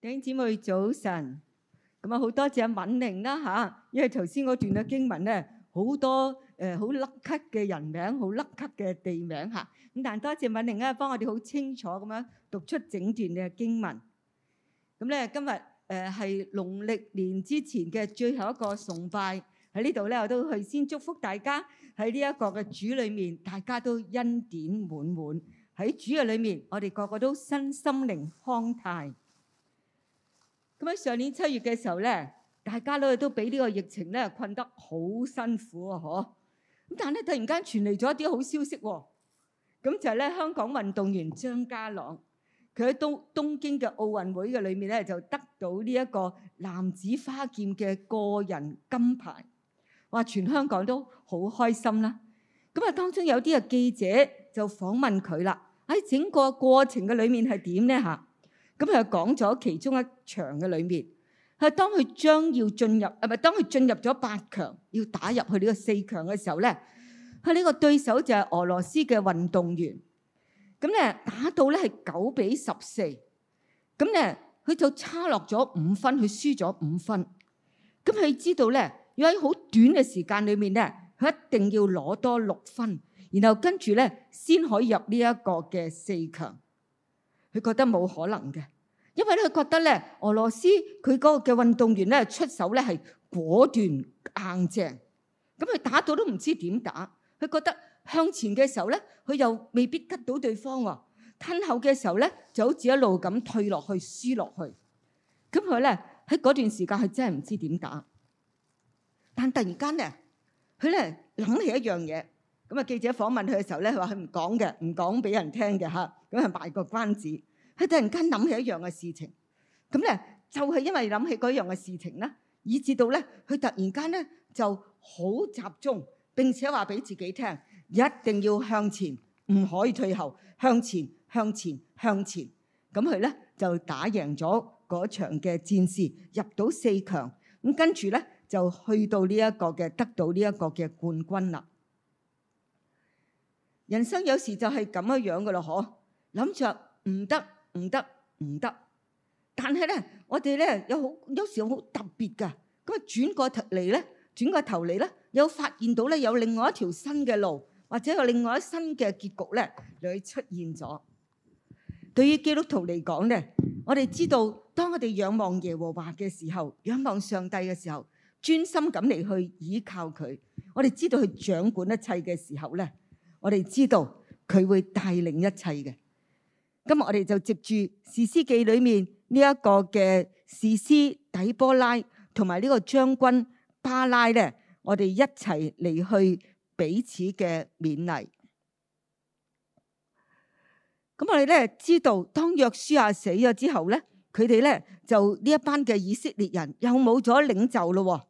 弟兄姊妹早晨，咁啊好多謝阿敏玲啦吓，因為頭先嗰段嘅經文咧，好多誒好甩咳嘅人名，好甩咳嘅地名吓。咁但係多謝敏玲咧，幫我哋好清楚咁樣讀出整段嘅經文。咁咧今日誒係農曆年之前嘅最後一個崇拜喺呢度咧，我都去先祝福大家喺呢一個嘅主裏面，大家都恩典滿滿喺主嘅裏面，我哋個個都身心靈康泰。咁喺上年七月嘅時候咧，大家都都俾呢個疫情咧困得好辛苦啊！嗬，咁但係咧突然間傳嚟咗一啲好消息喎，咁就係咧香港運動員張家朗，佢喺東東京嘅奧運會嘅裏面咧就得到呢一個男子花劍嘅個人金牌，哇！全香港都好開心啦。咁啊，當中有啲嘅記者就訪問佢啦，喺、哎、整個過程嘅裏面係點咧吓。咁佢講咗其中一場嘅裏面，係當佢將要進入，唔係當佢進入咗八強，要打入去呢個四強嘅時候咧，佢呢個對手就係俄羅斯嘅運動員。咁咧打到咧係九比十四，咁咧佢就差落咗五分，佢輸咗五分。咁佢知道咧，要喺好短嘅時間裏面咧，佢一定要攞多六分，然後跟住咧先可以入呢一個嘅四強。佢覺得冇可能嘅，因為咧佢覺得咧，俄羅斯佢嗰個嘅運動員咧出手咧係果斷硬正，咁佢打到都唔知點打。佢覺得向前嘅時候咧，佢又未必吉到對方喎、啊；退後嘅時候咧，就好似一路咁退落去、輸落去。咁佢咧喺嗰段時間，佢真係唔知點打。但突然間咧，佢咧諗起一樣嘢。咁啊！記者訪問佢嘅時候咧，佢話：佢唔講嘅，唔講俾人聽嘅嚇。咁係賣個關子。佢突，突然間諗起一樣嘅事情，咁咧就係因為諗起嗰樣嘅事情咧，以致到咧佢突然間咧就好集中，並且話俾自己聽：一定要向前，唔可以退後，向前，向前，向前。咁佢咧就打贏咗嗰場嘅戰事，入到四強。咁跟住咧就去到呢一個嘅得到呢一個嘅冠軍啦。人生有時就係咁樣樣噶啦，嗬！諗着唔得，唔得，唔得，但係咧，我哋咧有好有時好特別噶。咁啊，轉過頭嚟咧，轉過頭嚟咧，有發現到咧有另外一條新嘅路，或者有另外一新嘅結局咧，嚟出現咗。對於基督徒嚟講咧，我哋知道當我哋仰望耶和華嘅時候，仰望上帝嘅時候，專心咁嚟去倚靠佢。我哋知道佢掌管一切嘅時候咧。我哋知道佢會帶領一切嘅。今日我哋就接住《士師記》裏面呢一個嘅士師底波拉同埋呢個將軍巴拉咧，我哋一齊嚟去彼此嘅勉勵。咁我哋咧知道，當約書亞死咗之後咧，佢哋咧就呢一班嘅以色列人又冇咗領袖咯。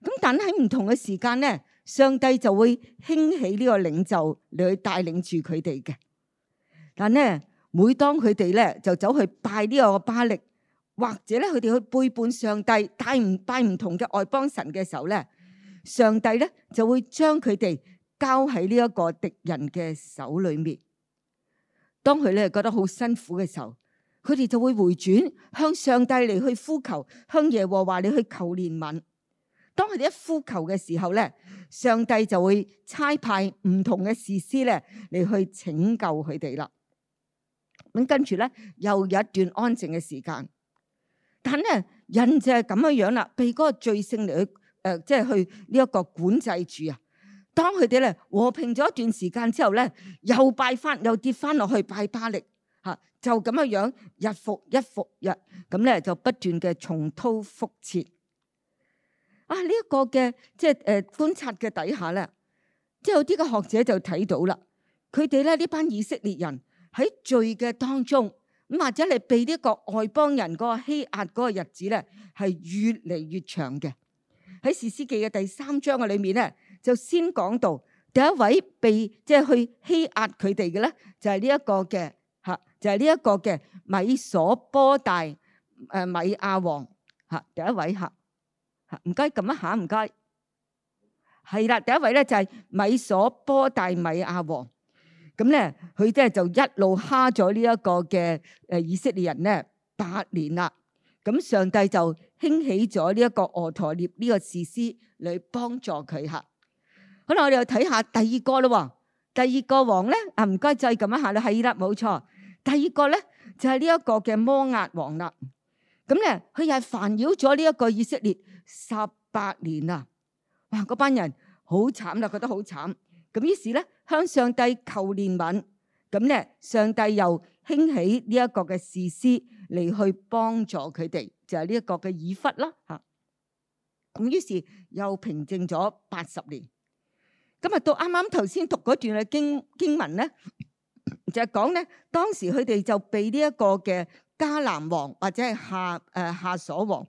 咁但喺唔同嘅時間咧。上帝就會興起呢個領袖嚟去帶領住佢哋嘅，但呢，每當佢哋咧就走去拜呢個巴力，或者咧佢哋去背叛上帝，拜唔拜唔同嘅外邦神嘅時候咧，上帝咧就會將佢哋交喺呢一個敵人嘅手裏面。當佢咧覺得好辛苦嘅時候，佢哋就會回轉向上帝嚟去呼求，向耶和華嚟去求憐憫。當佢哋一呼求嘅時候咧，上帝就會差派唔同嘅士師咧嚟去拯救佢哋啦。咁跟住咧又有一段安靜嘅時間，但係咧人就係咁嘅樣啦，被嗰個罪性嚟去誒，即係去呢一個管制住啊。當佢哋咧和平咗一段時間之後咧，又拜翻又跌翻落去拜巴力吓，就咁嘅樣日復日復日，咁咧就不斷嘅重蹈覆轍。啊！呢、這、一個嘅即係誒觀察嘅底下咧，即係有啲嘅學者就睇到啦。佢哋咧呢班以色列人喺罪嘅當中咁，或者你被呢個外邦人嗰個欺壓嗰個日子咧，係越嚟越長嘅。喺士師記嘅第三章嘅裏面咧，就先講到第一位被即係、就是、去欺壓佢哋嘅咧，就係呢一個嘅嚇，就係呢一個嘅、啊就是、米所波大誒、啊、米亞王嚇、啊，第一位嚇。唔該，撳一下唔該，係啦。第一位咧就係米所波大米亞王咁咧，佢咧就一路蝦咗呢一個嘅誒以色列人咧八年啦。咁上帝就興起咗呢一個俄陀聶呢個士師嚟幫助佢嚇。好啦，我哋又睇下第二個咯。第二個王咧啊，唔該，再撳一下啦。係啦，冇錯。第二個咧就係呢一個嘅摩押王啦。咁咧佢又係煩擾咗呢一個以色列，十八年啦，哇！嗰班人好慘啦，覺得好慘。咁於是咧，向上帝求憐憫。咁咧，上帝又興起呢一個嘅士師嚟，去幫助佢哋，就係呢一個嘅以笏啦吓。咁於是又平靜咗八十年。咁啊，到啱啱頭先讀嗰段嘅經經文咧，就係講咧，當時佢哋就被呢一個嘅迦南王或者係夏誒夏瑣王。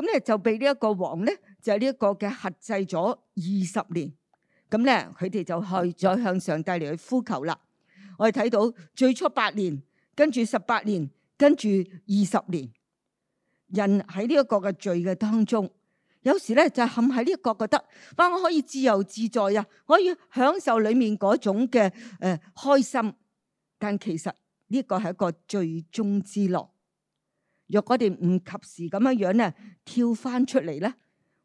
咁咧，就被呢一個王咧，就係呢一個嘅轄制咗二十年。咁咧，佢哋就去再向上帝嚟去呼求啦。我哋睇到最初八年，跟住十八年，跟住二十年，人喺呢一個嘅罪嘅當中，有時咧就陷喺呢個覺得，話我可以自由自在啊，可以享受裏面嗰種嘅誒開心，但其實呢個係一個罪中之樂。若果我哋唔及時咁樣樣咧，跳翻出嚟咧，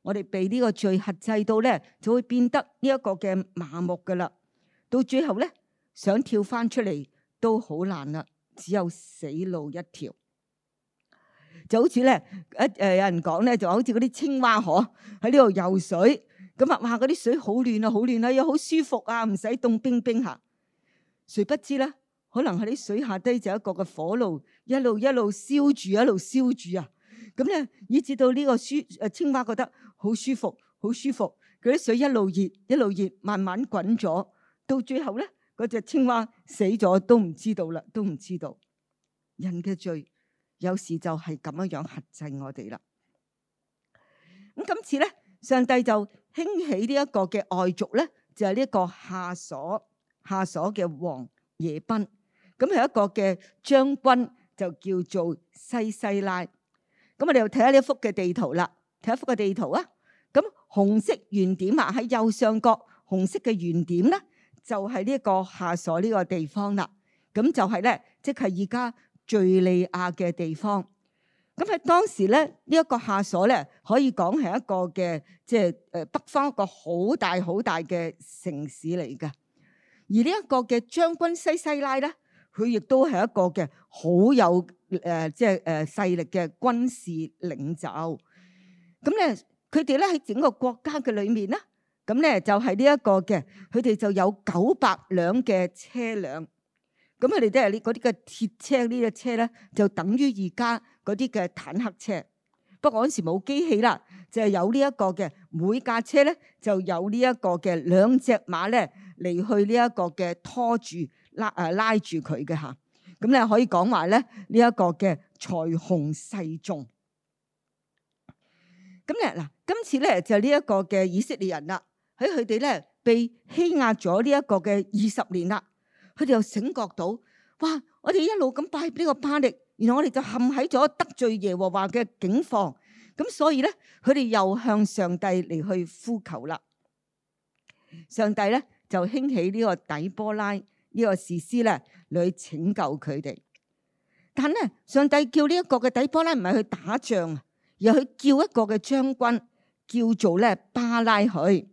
我哋被呢個罪轄制到咧，就會變得呢一個嘅麻木噶啦。到最後咧，想跳翻出嚟都好難啦，只有死路一條。就好似咧一誒有人講咧，就好似嗰啲青蛙河喺呢度游水，咁啊話嗰啲水好暖啊，好暖啊，又好舒服啊，唔使凍冰冰下。誰不知咧？可能喺啲水下低就一個嘅火爐，一路一路燒住，一路燒住啊！咁咧，以至到呢個舒誒青蛙覺得好舒服，好舒服。嗰啲水一路熱，一路熱，慢慢滾咗。到最後咧，嗰隻青蛙死咗，都唔知道啦，都唔知道。人嘅罪有時就係咁樣樣轄制我哋啦。咁今次咧，上帝就興起呢一個嘅外族咧，就係呢個夏瑣夏瑣嘅王耶賓。咁係一個嘅將軍，就叫做西西拉。咁我哋又睇下呢一幅嘅地圖啦，睇一幅嘅地圖啊。咁紅色圓點啊，喺右上角紅色嘅圓點咧，就係呢個夏瑣呢個地方啦。咁就係咧，即係而家敍利亞嘅地方。咁喺當時咧，呢一個夏瑣咧，可以講係一個嘅即係誒北方一個好大好大嘅城市嚟噶。而呢一個嘅將軍西西拉咧。佢亦都係一個嘅好有誒，即係誒勢力嘅軍事領袖。咁咧，佢哋咧喺整個國家嘅裏面咧，咁咧就係呢一個嘅，佢哋就有九百輛嘅車輛。咁佢哋都係呢嗰啲嘅鐵車呢隻車咧，就等於而家嗰啲嘅坦克車。不過嗰陣時冇機器啦，就係有呢一個嘅每架車咧，就有呢一個嘅兩隻馬咧嚟去呢一個嘅拖住。拉誒拉住佢嘅吓，咁咧可以講話咧呢一個嘅財雄勢眾。咁咧嗱，今次咧就呢一個嘅以色列人啦，喺佢哋咧被欺壓咗呢一個嘅二十年啦，佢哋又醒覺到，哇！我哋一路咁拜呢個巴力，然後我哋就陷喺咗得罪耶和華嘅境況，咁所以咧佢哋又向上帝嚟去呼求啦。上帝咧就興起呢個底波拉。呢、這個士師咧，去嚟拯救佢哋。但咧，上帝叫呢一個嘅底波拉唔係去打仗啊，而係叫一個嘅將軍，叫做咧巴拉去。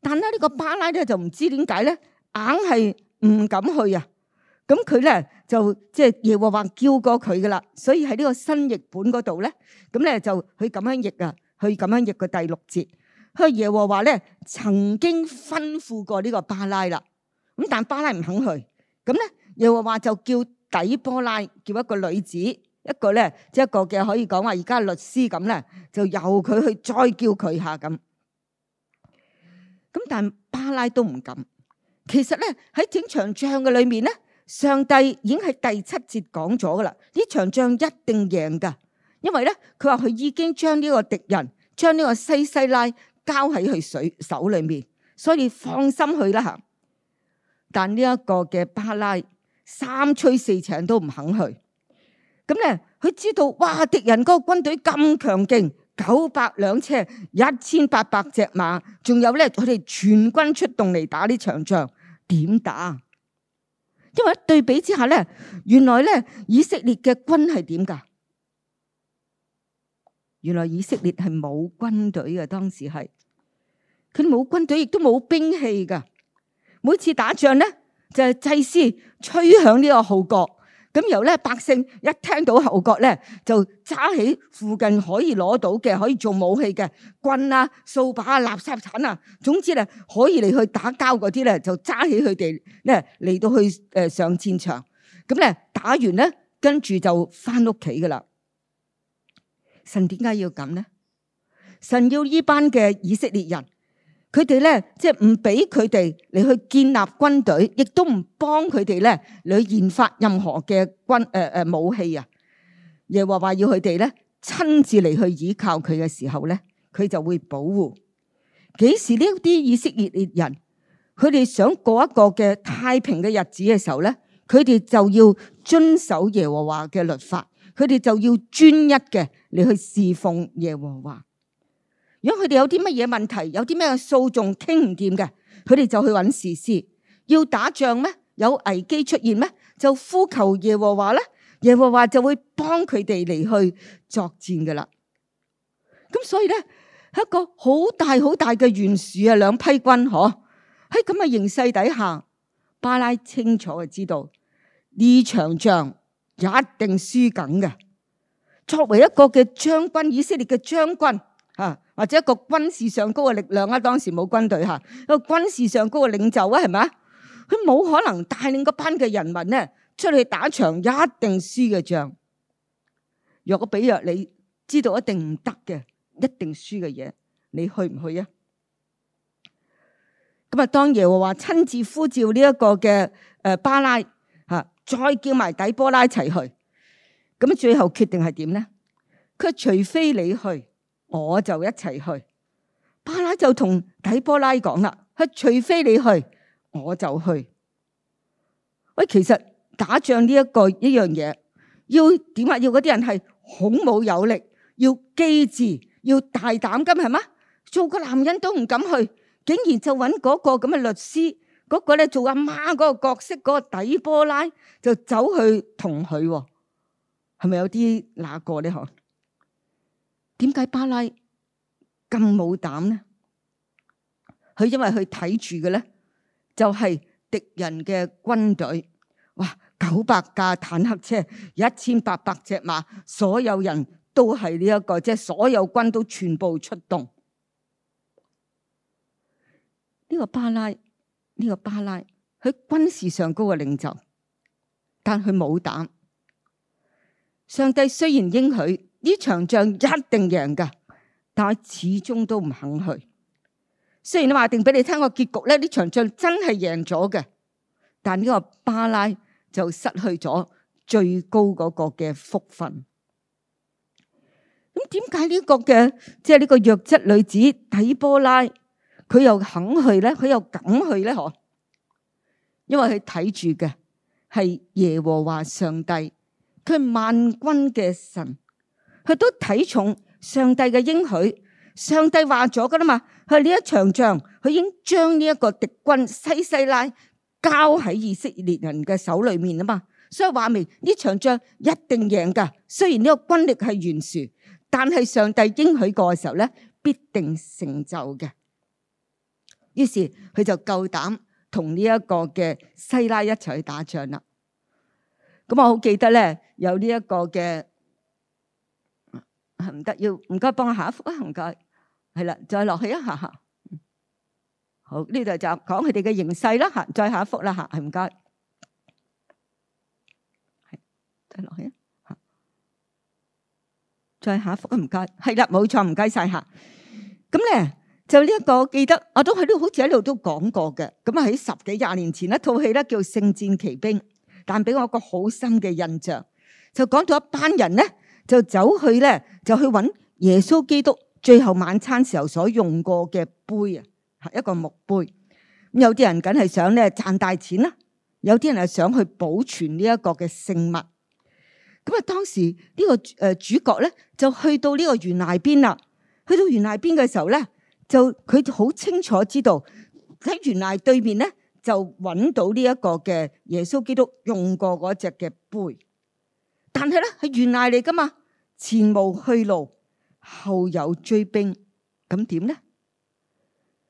但咧呢個巴拉咧就唔知點解咧，硬係唔敢去啊。咁佢咧就即係耶和華叫過佢噶啦。所以喺呢個新譯本嗰度咧，咁咧就去咁樣譯啊，去咁樣譯嘅第六節。佢耶和華咧曾經吩咐過呢個巴拉啦。咁但巴拉唔肯去，咁咧又話話就叫底波拉，叫一個女子，一個咧即係一個嘅可以講話而家律師咁啦，就由佢去再叫佢下咁。咁但巴拉都唔敢。其實咧喺整場仗嘅裏面咧，上帝已經係第七節講咗噶啦，呢場仗一定贏噶，因為咧佢話佢已經將呢個敵人將呢個西西拉交喺佢手裏面，所以放心去啦吓。但呢一個嘅巴拉三催四請都唔肯去，咁咧佢知道，哇，敵人嗰個軍隊咁強勁，九百輛車，一千八百隻馬，仲有咧佢哋全軍出動嚟打呢場仗，點打？因為一對比之下咧，原來咧以色列嘅軍係點噶？原來以色列係冇軍隊嘅，當時係佢冇軍隊，亦都冇兵器噶。每次打仗咧，就係、是、祭司吹響呢個號角，咁由後咧百姓一聽到號角咧，就揸起附近可以攞到嘅、可以做武器嘅棍啊、掃把啊、垃圾鏟啊，總之咧可以嚟去打交嗰啲咧，就揸起佢哋咧嚟到去誒上戰場。咁咧打完咧，跟住就翻屋企噶啦。神點解要咁咧？神要呢班嘅以色列人。佢哋咧，即係唔俾佢哋嚟去建立軍隊，亦都唔幫佢哋咧嚟去研發任何嘅軍誒誒武器啊！耶和華要佢哋咧親自嚟去倚靠佢嘅時候咧，佢就會保護。幾時呢？啲以色列人，佢哋想過一個嘅太平嘅日子嘅時候咧，佢哋就要遵守耶和華嘅律法，佢哋就要專一嘅嚟去侍奉耶和華。如果佢哋有啲乜嘢問題，有啲咩訴訟傾唔掂嘅，佢哋就去揾士師。要打仗咩？有危機出現咩？就呼求耶和華咧，耶和華就會幫佢哋嚟去作戰噶啦。咁所以咧，一個好大好大嘅懸殊啊，兩批軍嗬，喺咁嘅形勢底下，巴拉清楚就知道呢場仗一定輸緊嘅。作為一個嘅將軍，以色列嘅將軍。啊，或者一個軍事上高嘅力量啦，當時冇軍隊嚇，一個軍事上高嘅領袖啊，係咪啊？佢冇可能帶領嗰班嘅人民咧出去打場一定輸嘅仗。若果比若你知道一定唔得嘅，一定輸嘅嘢，你去唔去啊？咁啊，當夜我話親自呼召呢一個嘅誒巴拉嚇，再叫埋底波拉一齊去。咁最後決定係點咧？佢除非你去。我就一齊去，巴拉就同底波拉講啦佢除非你去，我就去。喂，其實打仗呢一個呢樣嘢，要點啊？要嗰啲人係孔武有力，要機智，要大膽嘅係嗎？做個男人都唔敢去，竟然就揾嗰個咁嘅士師，嗰個咧做阿媽嗰個角色，嗰個底波拉就走去同佢，係咪有啲那個咧？嗬？點解巴拉咁冇膽呢？佢因為佢睇住嘅咧，就係敵人嘅軍隊，哇，九百架坦克車，一千八百隻馬，所有人都係呢一個，即係所有軍都全部出動。呢個巴拉，呢個巴拉，佢軍事上高嘅領袖，但佢冇膽。上帝雖然應許。呢場仗一定贏噶，但係始終都唔肯去。雖然我話定俾你聽個結局咧，呢場仗真係贏咗嘅，但呢個巴拉就失去咗最高嗰個嘅福分。咁點解呢個嘅即係呢個弱質女子底波拉，佢又肯去咧，佢又敢去咧？嗬，因為佢睇住嘅係耶和華上帝，佢係萬軍嘅神。佢都睇重上帝嘅應許，上帝話咗噶啦嘛，佢呢一場仗，佢已經將呢一個敵軍西西拉交喺以色列人嘅手裏面啊嘛，所以話明呢場仗一定贏噶。雖然呢個軍力係懸殊，但係上帝應許過嘅時候咧，必定成就嘅。於是佢就夠膽同呢一個嘅西拉一齊去打仗啦。咁我好記得咧，有呢一個嘅。唔得，要唔該，幫我下一幅啊，唔該，係啦，再落去一下，好，呢度就講佢哋嘅形勢啦，吓，再下一幅啦，吓，唔該，係再落去啊，再下一幅啊，唔該，係啦，冇錯，唔該晒吓。咁咧就呢一個記得，我都喺度，好似喺度都講過嘅。咁喺十幾廿年前一套戲咧叫《聖戰奇兵》，但俾我個好深嘅印象，就講到一班人咧。就走去咧，就去揾耶穌基督最後晚餐時候所用過嘅杯啊，一個木杯。咁有啲人梗係想咧賺大錢啦，有啲人係想去保存呢一個嘅聖物。咁啊，當時呢個誒主角咧就去到呢個懸崖邊啦。去到懸崖邊嘅時候咧，就佢好清楚知道喺懸崖對面咧就揾到呢一個嘅耶穌基督用過嗰隻嘅杯。但係咧，係懸崖嚟噶嘛。前無去路，後有追兵，咁點咧？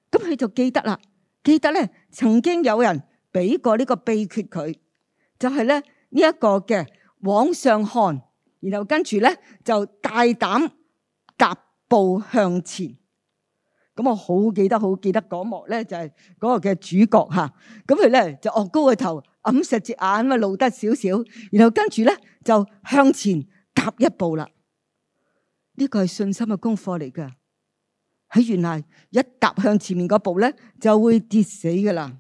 咁佢就記得啦，記得咧，曾經有人俾過呢個秘訣佢，就係咧呢一個嘅往上看，然後跟住咧就大膽踏步向前。咁我好記得，好記得嗰幕咧就係嗰個嘅主角吓，咁佢咧就昂高個頭，閂實隻眼咪露得少少，然後跟住咧就向前踏一步啦。呢個係信心嘅功課嚟噶。喺懸崖一踏向前面嗰步咧，就會跌死噶啦。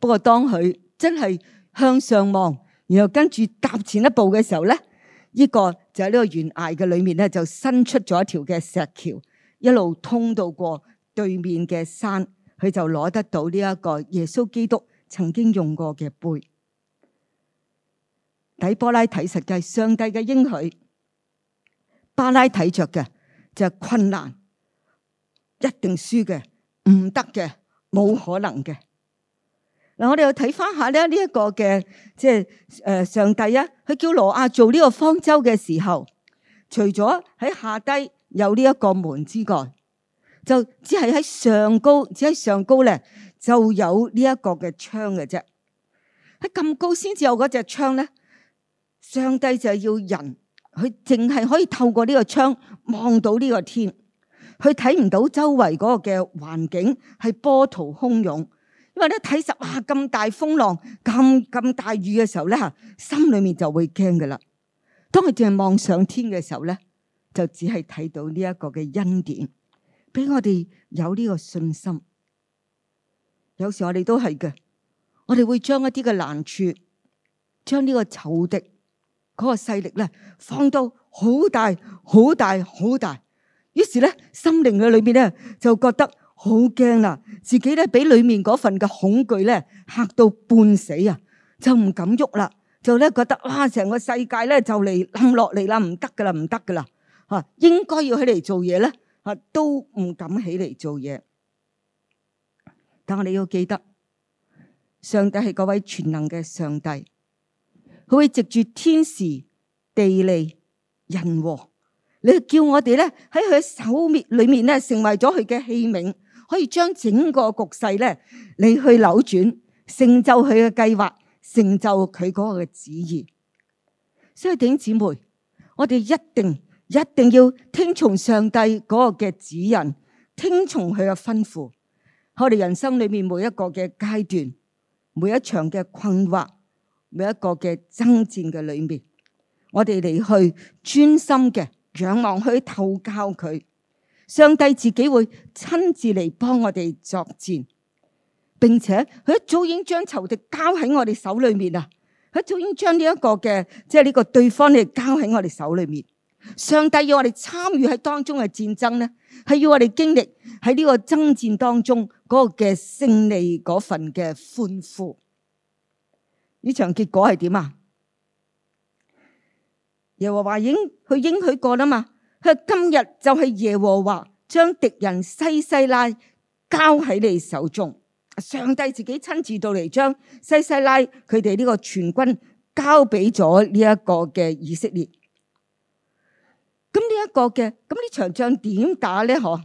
不過當佢真係向上望，然後跟住踏前一步嘅時候咧，呢個就喺呢個懸崖嘅裏面咧，就伸出咗一條嘅石橋，一路通到過對面嘅山，佢就攞得到呢一個耶穌基督。曾經用過嘅背底波拉睇實嘅上帝嘅應許，巴拉睇著嘅就係困難，一定輸嘅，唔得嘅，冇可能嘅。嗱，我哋又睇翻下咧呢一個嘅，即係誒上帝啊，佢叫羅亞做呢個方舟嘅時候，除咗喺下低有呢一個門之外，就只係喺上高，只喺上高咧。就有呢一個嘅窗嘅啫，喺咁高先至有嗰隻窗咧。上帝就係要人，佢淨係可以透過呢個窗望到呢個天，佢睇唔到周圍嗰個嘅環境係波濤洶湧。因為咧睇實啊咁大風浪、咁咁大雨嘅時候咧，吓心裏面就會驚噶啦。當佢淨係望上天嘅時候咧，就只係睇到呢一個嘅恩典，俾我哋有呢個信心。有時我哋都係嘅，我哋會將一啲嘅難處，將呢個仇敵嗰個勢力咧放到好大、好大、好大，於是咧心靈嘅裏面咧就覺得好驚啦，自己咧俾裏面嗰份嘅恐懼咧嚇到半死啊，就唔敢喐啦，就咧覺得哇，成個世界咧就嚟冧落嚟啦，唔得噶啦，唔得噶啦，啊，應該要起嚟做嘢咧，啊，都唔敢起嚟做嘢。但係你要記得，上帝係嗰位全能嘅上帝，佢會藉住天時地利人和，你叫我哋咧喺佢嘅手面裏面咧，成為咗佢嘅器皿，可以將整個局勢咧，你去扭轉，成就佢嘅計劃，成就佢嗰個嘅旨意。所以弟兄姊妹，我哋一定一定要聽從上帝嗰個嘅指引，聽從佢嘅吩咐。我哋人生裏面每一個嘅階段，每一場嘅困惑，每一個嘅爭戰嘅裏面，我哋嚟去專心嘅仰望去透教佢，上帝自己會親自嚟幫我哋作戰，並且佢一早已經將仇敵交喺我哋手裏面啊！佢一早已經將呢一個嘅，即係呢個對方嚟交喺我哋手裏面。上帝要我哋參與喺當中嘅戰爭咧，係要我哋經歷喺呢個爭戰當中嗰個嘅勝利嗰份嘅歡呼。呢場結果係點啊？耶和華已經佢應許過啦嘛，佢今日就係耶和華將敵人西西拉交喺你手中。上帝自己親自到嚟，將西西拉佢哋呢個全軍交俾咗呢一個嘅以色列。一個嘅，咁呢場仗點打咧？嗬，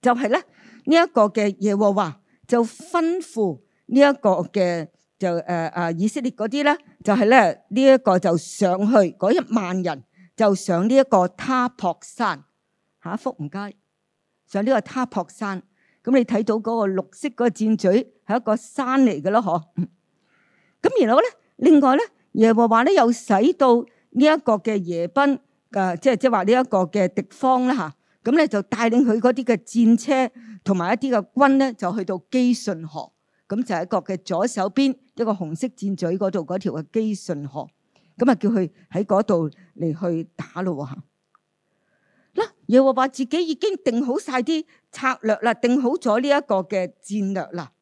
就係咧，呢一個嘅耶和華就吩咐呢一個嘅就誒誒以色列嗰啲咧，就係咧，呢一個就上去嗰一萬人就上呢一個他泊山吓，福唔該上呢個他泊山，咁你睇到嗰個綠色嗰個箭嘴係一個山嚟嘅咯嗬。咁然後咧，另外咧，耶和華咧又使到呢一個嘅耶賓。嘅即係即係話呢一個嘅敵方啦嚇，咁咧就帶領佢嗰啲嘅戰車同埋一啲嘅軍咧，就去到基信河，咁就喺個嘅左手邊一個紅色箭嘴嗰度嗰條嘅基信河，咁啊叫佢喺嗰度嚟去打咯嚇。嗱，耶和華自己已經定好晒啲策略啦，定好咗呢一個嘅戰略啦。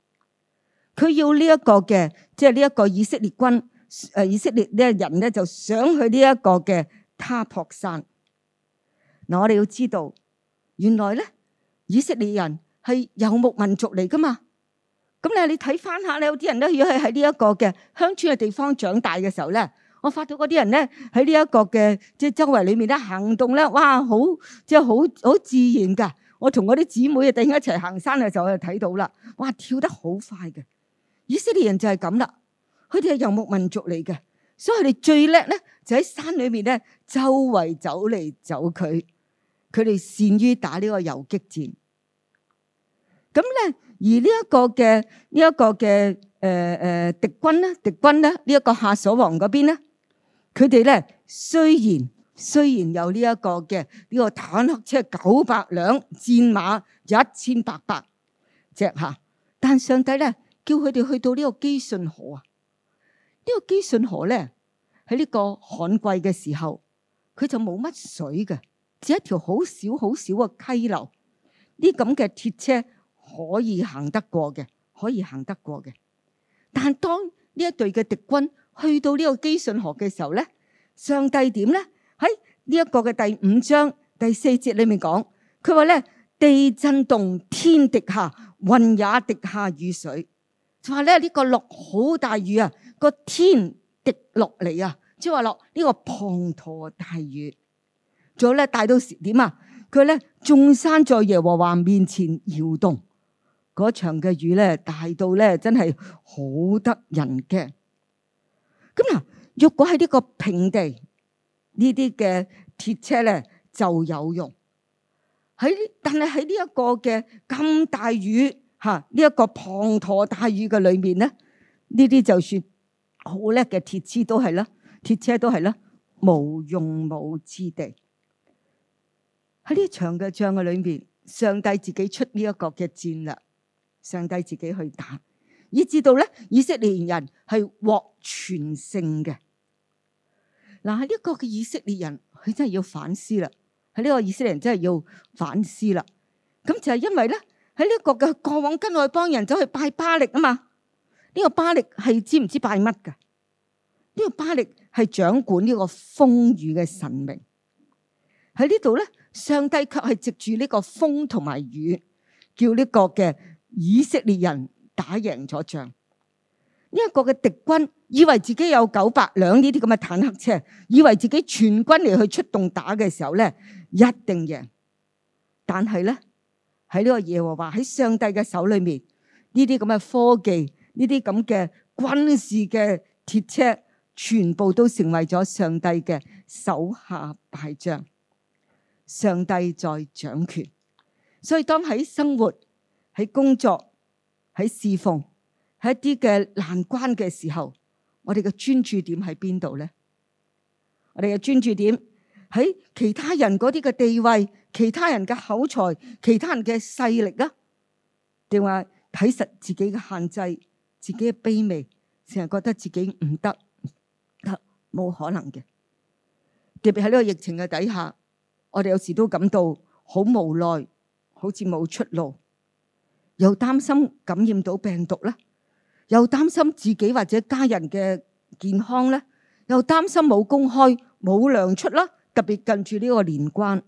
佢要呢一個嘅即係呢一個以色列軍誒、呃、以色列呢個人咧，就想去呢一個嘅。他扑山，嗱，我哋要知道，原來咧以色列人係游牧民族嚟噶嘛？咁咧，你睇翻下咧，有啲人咧如果係喺呢一個嘅鄉村嘅地方長大嘅時候咧，我發到嗰啲人咧喺呢一個嘅即係周圍裏面咧行動咧，哇，好即係好好自然噶。我同我啲姊妹突然間一齊行山嘅時候我就睇到啦，哇，跳得好快嘅。以色列人就係咁啦，佢哋係游牧民族嚟嘅。所以佢哋最叻咧，就喺山裏面咧，周圍走嚟走去他們。佢哋善於打呢個遊擊戰。咁咧、這個，而呢一個嘅呢一個嘅誒誒敵軍咧，敵軍咧呢一個夏瑣王嗰邊咧，佢哋咧雖然雖然有呢、這、一個嘅呢、這個坦克車九百輛，戰馬一千八百隻嚇，但上帝咧叫佢哋去到呢個基順河啊！呢、這個基信河咧，喺呢個旱季嘅時候，佢就冇乜水嘅，只有一條好少好少嘅溪流。呢咁嘅鐵車可以行得過嘅，可以行得過嘅。但當呢一隊嘅敵軍去到呢個基信河嘅時候咧，上帝點咧？喺呢一個嘅第五章第四節裏面講，佢話咧地震動天滴下，滴下雲也滴下雨水，就話咧呢個落好大雨啊！個天滴落嚟啊，即係話落呢個滂沱大雨，仲有咧大到時點啊？佢咧眾山在耶和華面前搖動，嗰場嘅雨咧大到咧真係好得人驚。咁嗱，若果喺呢個平地，鐵呢啲嘅鐵車咧就有用。喺但係喺呢一個嘅咁大雨吓，呢一個，啊，呢個滂沱大雨嘅裏面咧，呢啲就算。好叻嘅鐵枝都係啦，鐵車都係啦，無用武之地。喺呢場嘅仗嘅裏面，上帝自己出呢一個嘅戰略，上帝自己去打，以至到咧以色列人係獲全勝嘅。嗱，喺呢個嘅以色列人，佢真係要反思啦。喺呢個以色列人真係要反思啦。咁就係因為咧，喺呢個嘅過往跟外邦人走去拜巴力啊嘛。呢個巴力係知唔知拜乜噶？呢個巴力係掌管呢個風雨嘅神明，喺呢度咧，上帝卻係藉住呢個風同埋雨，叫呢個嘅以色列人打贏咗仗。呢一個嘅敵軍以為自己有九百輛呢啲咁嘅坦克車，以為自己全軍嚟去出動打嘅時候咧，一定贏。但係咧，喺呢個耶和華喺上帝嘅手裏面，呢啲咁嘅科技，呢啲咁嘅軍事嘅鐵車。全部都成為咗上帝嘅手下敗將。上帝在掌權，所以當喺生活、喺工作、喺侍奉，喺一啲嘅難關嘅時候，我哋嘅專注點喺邊度咧？我哋嘅專注點喺其他人嗰啲嘅地位、其他人嘅口才、其他人嘅勢力啦，定話睇實自己嘅限制、自己嘅卑微，成日覺得自己唔得。冇可能嘅，特別喺呢個疫情嘅底下，我哋有時都感到好無奈，好似冇出路，又擔心感染到病毒啦，又擔心自己或者家人嘅健康咧，又擔心冇工開、冇糧出啦。特別近住呢個年關，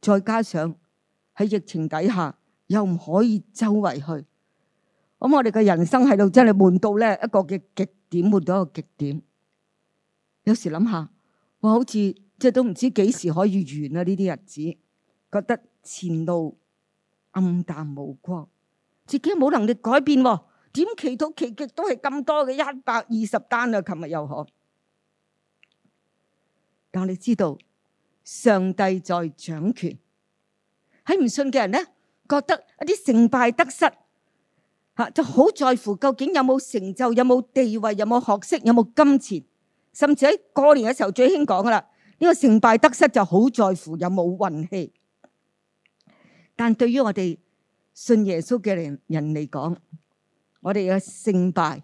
再加上喺疫情底下又唔可以周圍去，咁我哋嘅人生喺度真係悶到咧一個嘅極點，悶到一個極點。有時諗下，我好似即係都唔知幾時可以完啦、啊！呢啲日子，覺得前路暗淡無光，自己冇能力改變喎、啊，點祈禱祈極都係咁多嘅一百二十單啦！琴、啊、日又可，但你知道上帝在掌權。喺唔信嘅人咧，覺得一啲成敗得失嚇就好在乎，究竟有冇成就，有冇地位，有冇學識，有冇金錢。甚至喺過年嘅時候最興講噶啦，呢個成敗得失就好在乎有冇運氣。但對於我哋信耶穌嘅人人嚟講，我哋嘅勝敗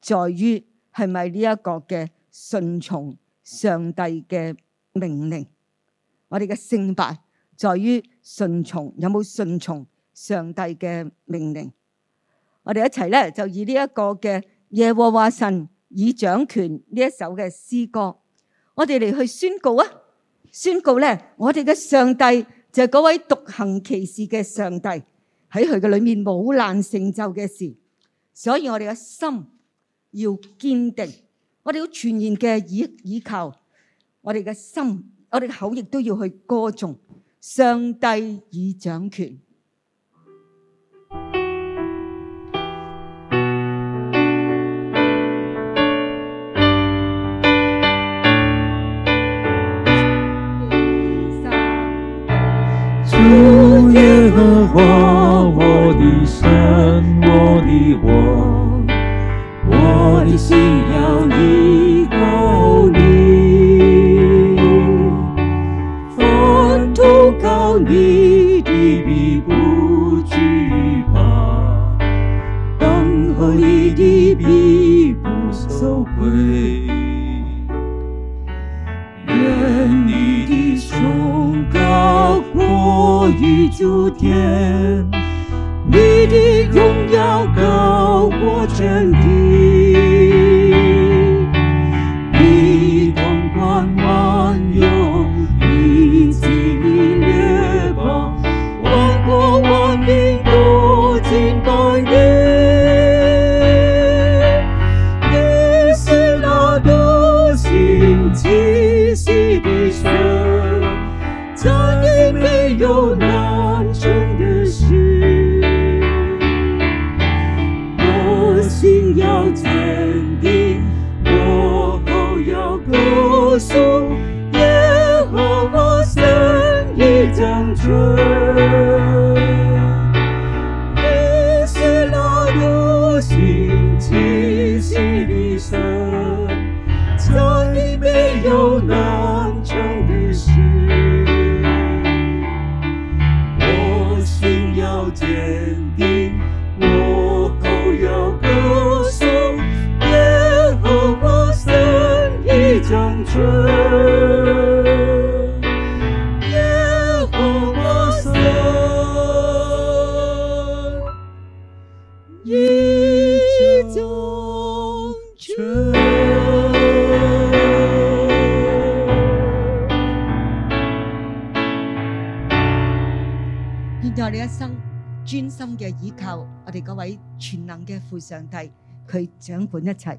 在於係咪呢一個嘅順從上帝嘅命令。我哋嘅勝敗在於順從有冇順從上帝嘅命令。我哋一齊咧就以呢一個嘅耶和華神，以掌權，呢一首嘅詩歌。我哋嚟去宣告啊，宣告呢，我哋嘅上帝就係嗰位獨行奇事嘅上帝，喺佢嘅裏面冇難成就嘅事。所以我哋嘅心要堅定，我哋要全然嘅倚靠，我哋嘅心，我哋嘅口亦都要去歌頌，上帝以掌權。願你的胸高過雲九天，你的榮耀高過天地。上帝佢掌管一切。Tài,